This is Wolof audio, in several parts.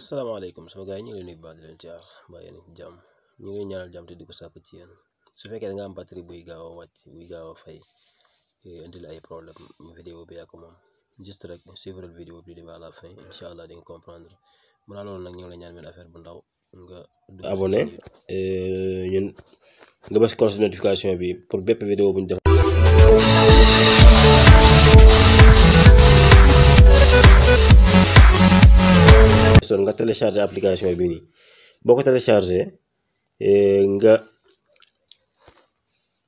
asalaamaaleykum sama gars yi ñu ngi leen di baal di leen jaar mbaa yéen jàmm ñu ngi ñaanal jàmm te di ko sàkk ci yéen su fekkee da nga am batterie buy gaaw a wàcc buy gaaw a fay indi la ay problème vidéo bi yaa ko moom juste rek suivre vidéo bi di ba à la fin incha allah di nga comprendre mu naa loolu nag ñu la ñaan benn affaire bu ndaw nga abonné euh, ñun nga bës cloche notification bi pour bépp vidéo bu ñu def sol nga téléchargé application bi nii boo ko téléchargé eh, nga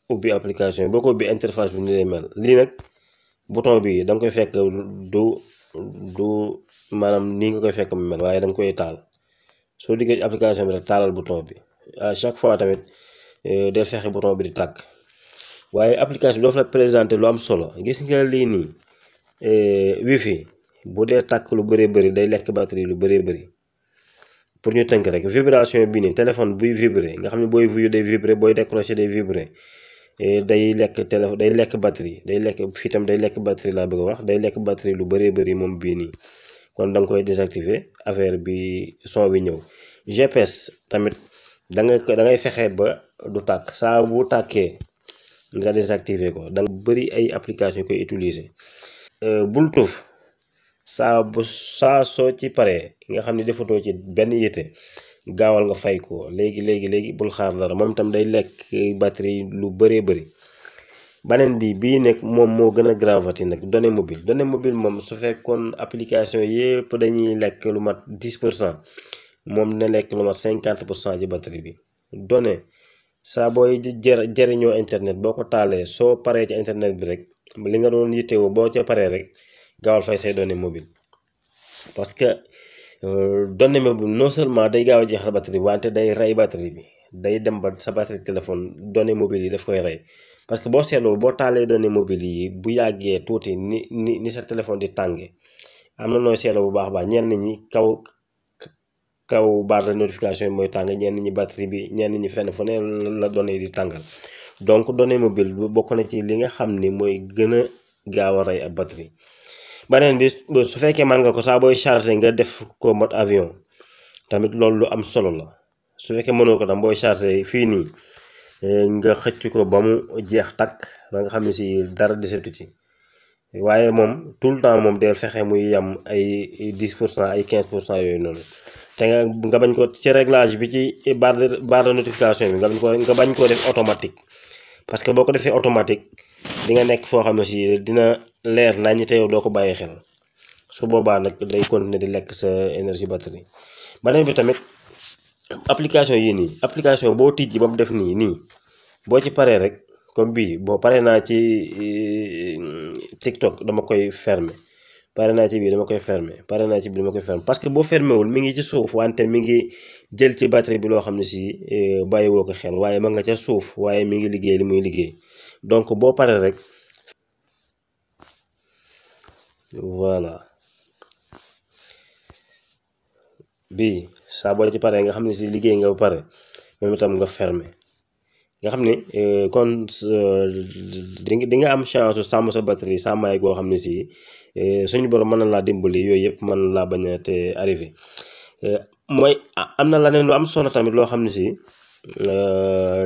ubbi application boo ko ubbi interface bi ni lay mel lii nag bouton bi danga koy fekk du du maanaam nii nga koy fekk mu mel waaye da koy taal soo diggee application bi rek taalal bouton bi à chaque fois tamit eh, del fexe bouton bi di tàkk waaye application bi doo fa la présenté lu am solo gis nga lii nii eh, wifi bu dee tàkk lu bëree bëri day lekk batterie lu bëree bëri pour ñu tënk rek vibration bi nii téléphone buy vibre nga xam ne booy vuyu day vibré booy décroché day vibré eh, day lekk télé day lekk batterie day lekk fii tam day lekk batterie laa bëgg a wax day lekk batterie lu bëree bëri moom bii nii kon da nga koy désactiver affaire bi son bi ñëw GPS tamit da nga da ngay fexe ba du tàkk saa bu tàkkee nga désactiver ko da nga bëri ay application koy utiliser eh, Bluetooth saa bu saa soo ci paree nga xam ne defatoo ci benn yite gaawal nga fay ko léegi léegi léegi bul xaar dara moom itam day lekk batterie lu bëree bëri beneen bi bii nekk moom moo gën a gravati nag données mobile données mobile moom su fekkoon application yépp dañuy lekk lu mat 10 pour cent moom dina lekk lu mat cinquante pour cent ci batterie bi données saa booy jër jëriñoo internet boo ko taalee soo paree ci internet bi rek li nga doon yittewoo boo ca paree rek gaawal a say données mobile parce que euh, données mobile non seulement day gaaw a jeexal batterie bi wante day rey batterie bi day dem ba sa batterie téléphone données mobile yi daf koy rey parce que boo seetloo boo taalee données mobile yi bu yàggee tuuti ni ni ni sa téléphone di tànge am na nooy seetloo bu baax baax ñenn ñi kaw kaw baax de notification yi mooy tàng ñenn ñi batterie bi ñenn ñi fenn fu ne la donne yi di tàngal donc données mobile bokk na ci li nga xam ni mooy gën a gaaw a rey ab batterie beneen bi su fekkee mën nga ko saa booy chargé nga def ko mode avion tamit loolu lu am solo la su fekkee mënoo ko tam booy chargé fii nii eh, nga xëcc ko ba mu jeex takk ba nga xam ne si dara desetu ci waaye moom tout le temps moom del fexe muy yam ay 10 pour cent ay quinze pour cent yooyu noonu te nga nga ko ci bi ci barre de barre de ko nga bañ koo def automatique parce que boo ko defee automatique di nga nekk foo xam ne si dina leer naa ñi te yow doo ko bàyyi xel su boobaa nag day continuer di lekk sa énergie batterie beneen bi tamit application yii nii application boo tijji ba mu def nii nii boo ci paree rek comme bii boo paree naa ci eh, TikTok dama koy fermer pare naa ci bii dama koy fermer pare naa ci bii dama koy fermer parce que boo fermer wul mi ngi ci suuf wante mi ngi jël ci batterie bi loo xam ne si eh, bàyyi woo ko xel waaye ma nga ca suuf waaye mi ngi liggéey li muy liggéey donc boo paree rek. voilà bii saa boo ci paree nga xam ne si liggéey nga ba pare moom itam nga ferme nga xam ni euh, kon euh, di nga am chance sàmm sa batterie sàmmaay goo xam ne si euh, suñu borom mën na laa dimbali yooyu yëpp mën na laa bañ a te arrivé mooy am na leneen lu am solo tamit loo xam ne si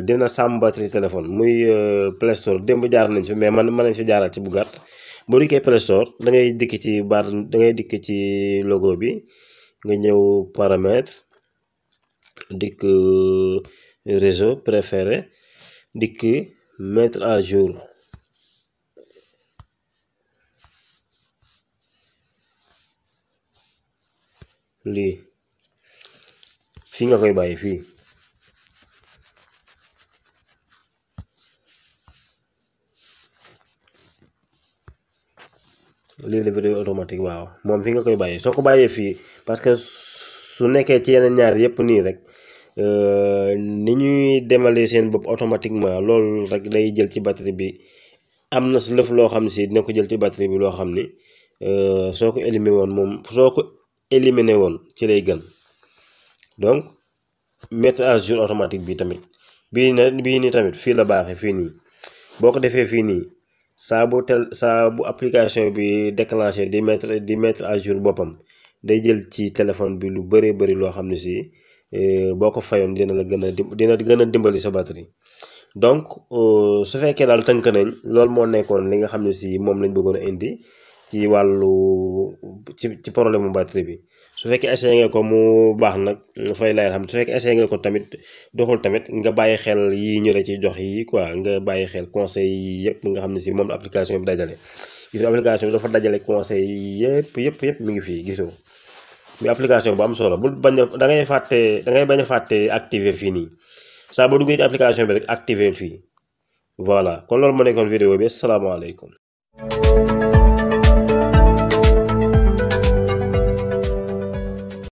dina sàmm batterie téléphone muy Play Store démb jaar nañ fi mais man mën nañ fi jaaral ci bu gàtt boo dikkee Play Store da ngay dikk ci bar da ngay dikk ci logo bi nga ñëw paramètre dikk euh, réseau préféré dikk mettre à jour lii fii nga koy bàyyi fii delivery automatique waaw moom fi nga koy bàyyee soo ko bàyyee fii parce que su nekkee ci yeneen ñaar yëpp nii rek euh, ni ñuy demalee seen bopp automatiquement loolu rek day jël ci batterie bi am na si lëf loo xam si dina ko jël ci batterie bi loo xam ni euh, soo ko éliminé woon moom soo ko éliminé woon ci lay gën donc mettre à jour automatique bi tamit bii nii tamit fii la baaxee fii nii boo ko defee fii nii saa bu tel saa bu application bi déclenché di mettre di mettre à jour boppam day jël ci téléphone bi lu bëree bëri loo xam ne si euh, boo ko fayoon dina la gën a dina gën a dimbali sa batterie donc euh, su fekkee daal tënk nañ loolu moo nekkoon li nga xam ne si moom lañ bëggoon a indi ci wàllu ci ci problème mu batterie bi su fekkee essayé nga ko mu baax nag fay lay xam su fekkee essayé nga ko tamit doxul tamit nga bàyyi xel yi ñu la ci jox yi quoi nga bàyyi xel conseil yi yëpp nga xam ne si moom application bi dajale gis application bi dafa dajale conseil yi yëpp yëpp mu ngi fii gisoo muy application bu am solo bu bañ a da ngay fàtte da ngay bañ a fàtte activer fii nii saa boo duggee ci application bi rek activer fii voilà kon loolu moo nekkoon vidéo bi asalaamaaleykum